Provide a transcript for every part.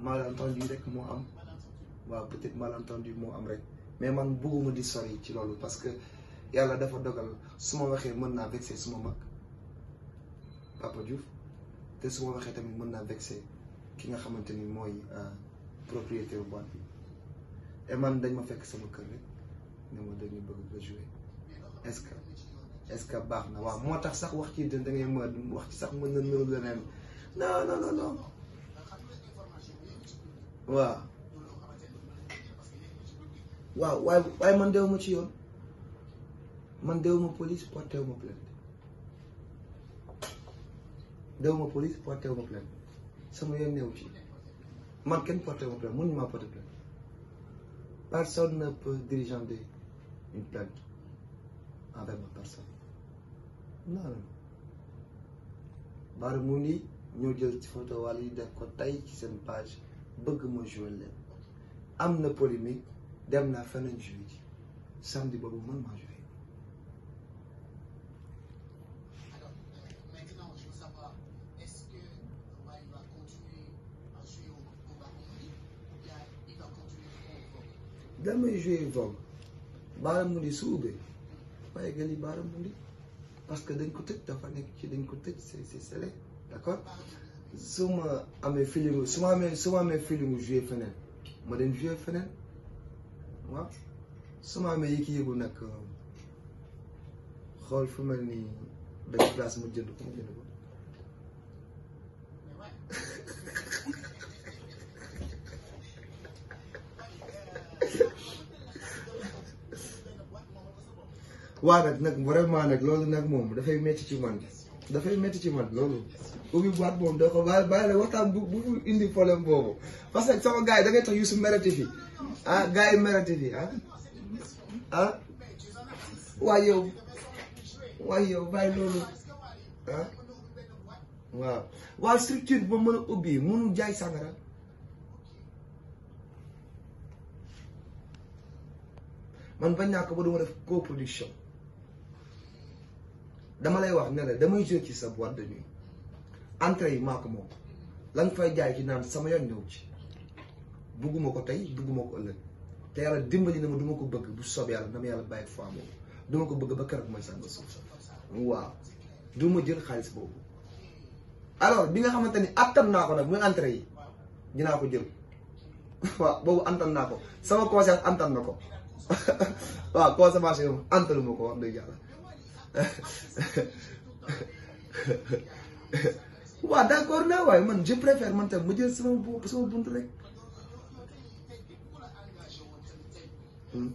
malentendu rek moo am waaw peut-être malentendu moo am rek mais man bëgguma di sori ci loolu parce que yàlla dafa dogal su ma waxee mën naa vexé su ma mag Papa Diouf te su waxee tamit mën naa vexé ki nga xamante ni mooy euh, propriétaire boîte bi et man dañ ma fekk sama kër rek ne ma dañu bëgg nga jouer est-ce que est-ce que baax na waaw moo tax sax wax ci da ngay mën wax ci sax mën na nëw leneen non non non non wa waaw waaye waaye man deewuma ci yoon man deewuma police porté wu ma plainte deewuma police porté wu ma plainte sama yoon neewu ci man kenn porté wu ma plainte mënuñu maa porté plainte personne ne peut diriger une plainte envers ma personne non non bari mu ni ñoo jël ci photo wàll yi def ko tey ci seen page bëgg ma joué leen am na polémique dem naa feneen joué ji samedi boobu man maa joué. damay joué Vogue baaramundi su ubbee waaye gën yi baaramundi parce que dañ ko tëj dafa nekk ci dañ ko tëj c'est c'est su ma amee feeling su ma amee su ma amee feeling joué feneen ma dem joué feneen waaw su ma amee yëg-yëgu nag xool fu mel ni benn place mu jënd ko mu jënd ko. waa nag nag vraiment nag loolu nag moom dafay metti ci man. dafay métti ci man loolu ubbi boîte boobu doo la waxtaan bu bu indi boobu parce que sama gars yi da ngay tax Youssou merati fi ah gars yi merati fi ah ah waay yow waay yow bàyyi loolu ah waaw waaw structure ba mën a ubbi mënu jaay sàngara man bañ naa ko ba duma def coproduction dama lay wax ne la damay jouer ci sa boîte de nuit entrée yi maa moom la nga fay jaay ci naan sama yoon ñëw ci bugguma ko tey bugguma ko ëllëg te yàlla dimbali na ma duma ko bëgg bu sob yàlla na ma yàlla bàyyi fois moom du ma ko bëgg ba keroog mooy sànq waaw du ma jël xaalis boobu alors bi nga xamante ni attan naa ko nag muy entrée yi dinaa ko jël waaw boobu antan naa ko sama conscience antan na ko waaw consommation antalu ma ko wax dëgg yàlla waaw d'accord naa waaye man je préfère man tam ma jël sama bu sama bunt rek hmm.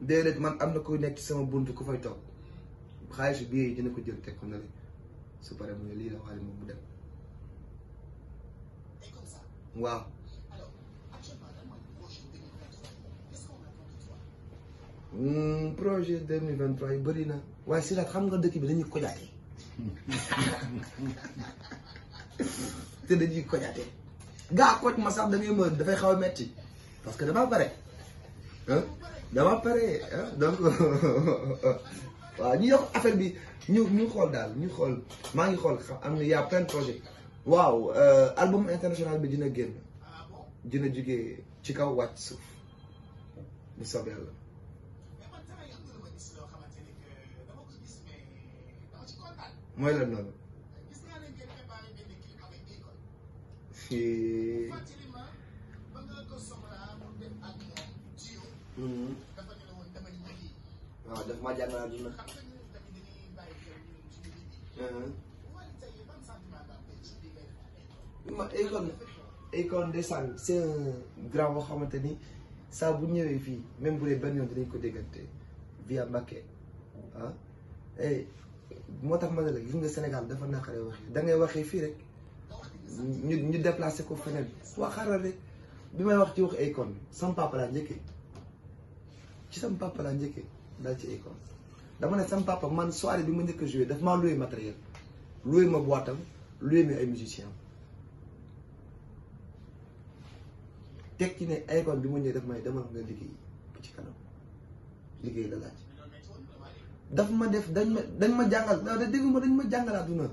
déedéet man am na koy nekk ci sama bunt ku fay toog xaalisu bi yi dina ko jël teg ko na rek su paree mu ne lii la waali moom mu dem waaw Hmm, projet deux mille vingt trois yi bëri na waaye Sidaat nga dëkk bi dañuy kojaatee te dañuy kojaatee gaa koj ma sax da ngay mën dafay xaw a metti parce que damaa pare ah damaa pare ah waaw ñu yokk affaire bi ñu ñu xool daal ñu xool maa ngi xool xam am na y' a plein de waaw euh, album international bi dina génn dina jugee ci kaw wàcc suuf bu soobee yàlla mooy lan loolu. fii. waaw daf maa jàngal àdduna. ma Akon Akon ndeysaan c'est un grand boo xamante ni saa bu ñëwee fii même bu dee benn yoon dinañ ko déggante via Mbacké ah. Eh, moo tax ma ne la gis nga Sénégal dafa naqaree waxee da ngay waxee fii rek ñu ñu déplacé ko feneen waa xaaral rek bi may wax ci wax Akon sama papa laa njëkkee ci sama papa laa njëkkee daal ci Akon dama ne sama man soirée bi ma njëkk a joué daf maa loué matériel loué ma boîte am loué ma ay musicien teg ci ne Akon bi ma ñëwee daf may demal nga liggéey ci kanam liggéey la laaj. daf ma def dañ ma dañ ma jàngal da dégg ma dañ ma jàngal àdduna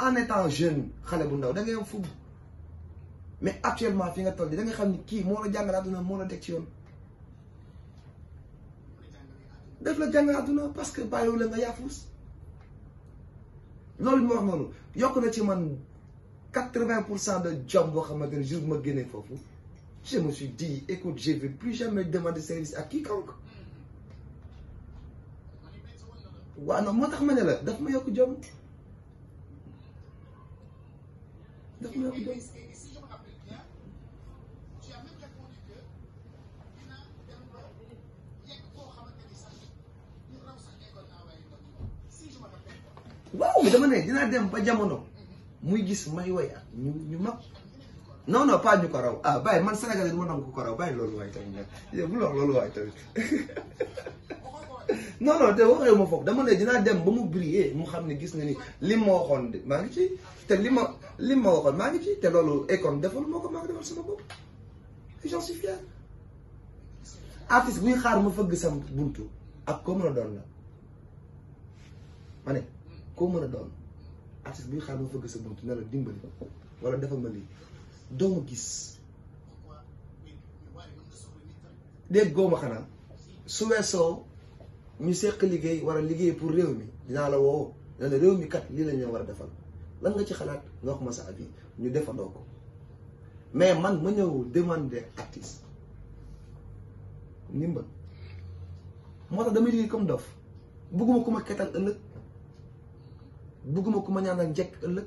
en étant jeune xale bu ndaw da ngay fugg mais actuellement fi nga toll di da nga xam ni kii moo la jàngal àdduna moo la teg ci yoon def la jàngal àdduna parce que bàyyiwu la nga yaafus loolu ñu wax noonu yokk na ci man quatre-vingts pour cent de job boo xamante ne jour ma génnee foofu je me suis dit écoute je vais plus jamais demander service à quiconque waaw non moo tax ma ne la daf ma yokk jom daf ma yokk jom waaw dama ne dinaa dem ba jamono muy gis may way ak ñu ñu mag non non pas ñu ko raw ah, man Sénégalais ma nangu ko raw bàyyi loolu waay tamit nag yow bu loolu waay non non te ma foofu dama ne dinaa dem ba mu briller mu xam ne gis nga ni li ma waxoon maa ngi ci te li li maa ngi ci te loolu école defal moo ko maa ngi defal sama bopp xaar ma fëgg sam buntu ak koo mën a doon la ma ne koo mën a doon artiste buy xaar ma fëgg sa buntu ne la dimbali wala defal ma lii doo ma gis dégg góoma xanaa su weesoo ñu seq liggéey war a liggéey pour réew mi dinaa la woo ne la réew mi kat lii la war a defal lan nga ci xalaat nga wax ma sa avis ñu defandoo ko mais man ma ñëw demander artiste ndimbal moo tax damay liggéey comme dof bugguma ku ma ketal ëllëg bugguma ku ma ñaanal njekk ëllëg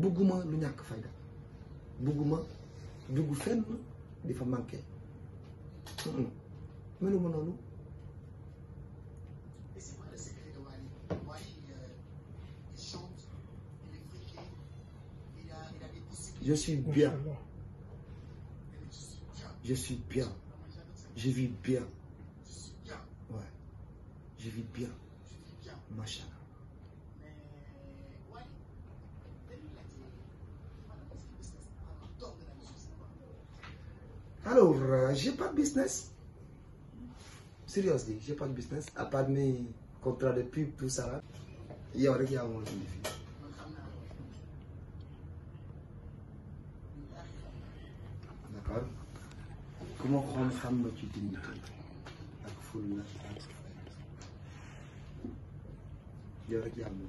bugguma lu ñàkk fayda bugguma dugg fenn di fa manqué hmm. meluma noonu Je suis bien. Je suis bien. Je vis bien. Ouais. Je vis bien. Machallah. Alors, euh, j'ai pas de business. Sérieusement, j'ai pas de business. À part mes contrats de pub, tout ça là. Il y a rien qui a mon bénéfice. ku ma xool xam nga ci dignité ak ful la ak yow rek yàlla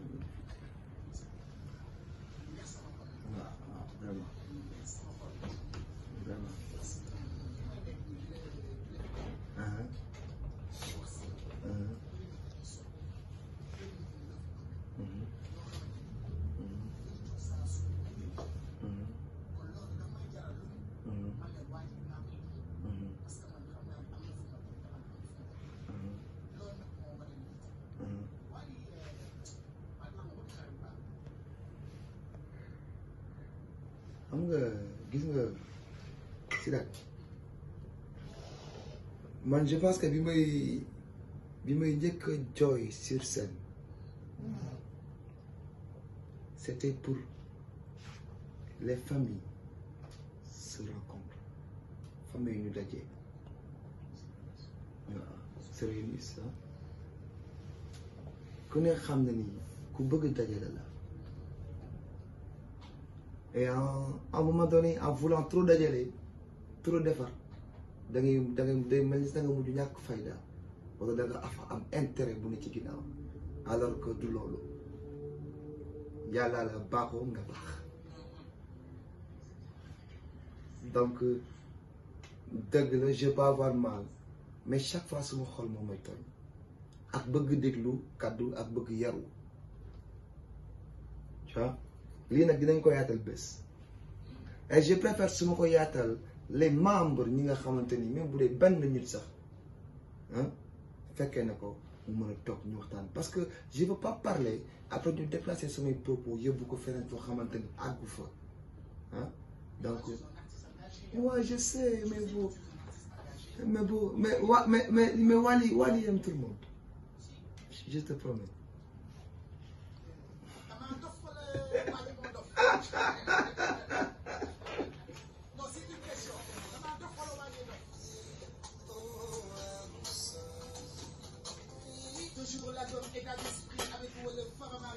gis nga Sidath man je pense bi may bi may njëkk a jooy sur scène c'était pour les familles se rencontrent famille yi ñu dajee se ah. ku ne xam ni ku bëgg dajale la et en moment donné en voulant trop dajale trop defar da ngay da ngay day ñàkk fayda wala da afa am intérêt bu ne ci ginnaaw alors que du loolu yàlla la baaxoo nga baax donc dëgg la je peux avoir mal mais chaque fois suma xol moom mooy tooñ ak bëgg déglu kàddu ak bëgg yaru lii nag dinañ ko yaatal bés et je préfère su ma ko yaatal les membres ñi nga xamante ni même bu dee benn nit sax ah fekkee na ko mu mën a toog ñu waxtaan parce que je veux pas parler après ñu déplacer samay propos yóbbu ko feneen foo xamante ni àggu fa ah donc waaw je sais mais boo mais boo mais wa mais mais mais Wally Wally aime tout le monde je te promets la donne état d'esprit avec vous le